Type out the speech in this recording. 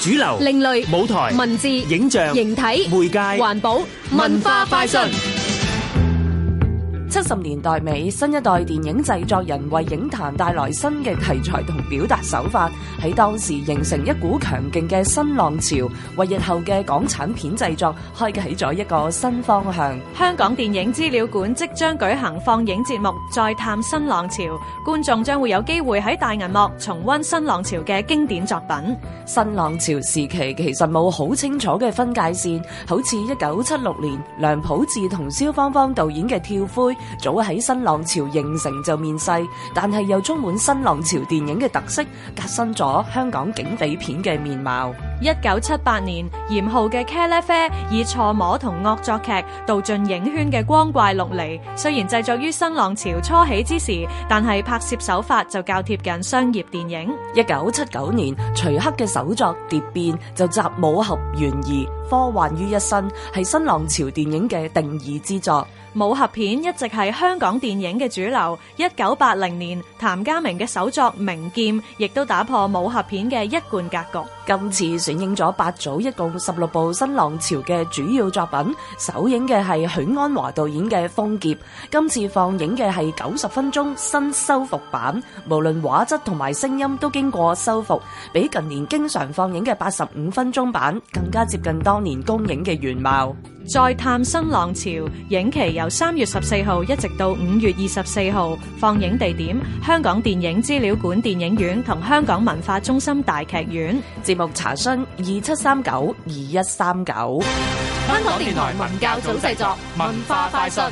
主流、另類、舞台、文字、影像、形體、媒介、環保、文化快訊。七十年代尾，新一代電影製作人為影壇帶來新嘅題材同表達手法，喺當時形成一股強勁嘅新浪潮，為日後嘅港產片製作開啟咗一個新方向。香港電影資料館即將舉行放映節目，再探新浪潮，觀眾將會有機會喺大銀幕重溫新浪潮嘅經典作品。新浪潮時期其實冇好清楚嘅分界線，好似一九七六年梁普智同蕭芳芳導演嘅《跳灰》。早喺新浪潮形成就面世，但係又充滿新浪潮電影嘅特色，革新咗香港警匪片嘅面貌。一九七八年，嚴浩嘅《茄喱啡》以錯摸同惡作劇導進影圈嘅光怪陸離。雖然製作於新浪潮初起之時，但係拍攝手法就較貼近商業電影。一九七九年，徐克嘅首作《蝶變》就集武俠、懸疑、科幻於一身，係新浪潮電影嘅定義之作。武俠片一直係香港電影嘅主流。一九八零年，譚家明嘅首作《名劍》亦都打破武俠片嘅一貫格局。今次選影咗八組一共十六部新浪潮嘅主要作品，首映嘅係許鞍華導演嘅《瘋劫》。今次放映嘅係九十分鐘新修復版，無論畫質同埋聲音都經過修復，比近年經常放映嘅八十五分鐘版更加接近當年公映嘅原貌。再探新浪潮，影期由三月十四號一直到五月二十四號，放映地點香港電影資料館電影院同香港文化中心大劇院。節目查詢二七三九二一三九。香港電台文教組製作，文化快訊。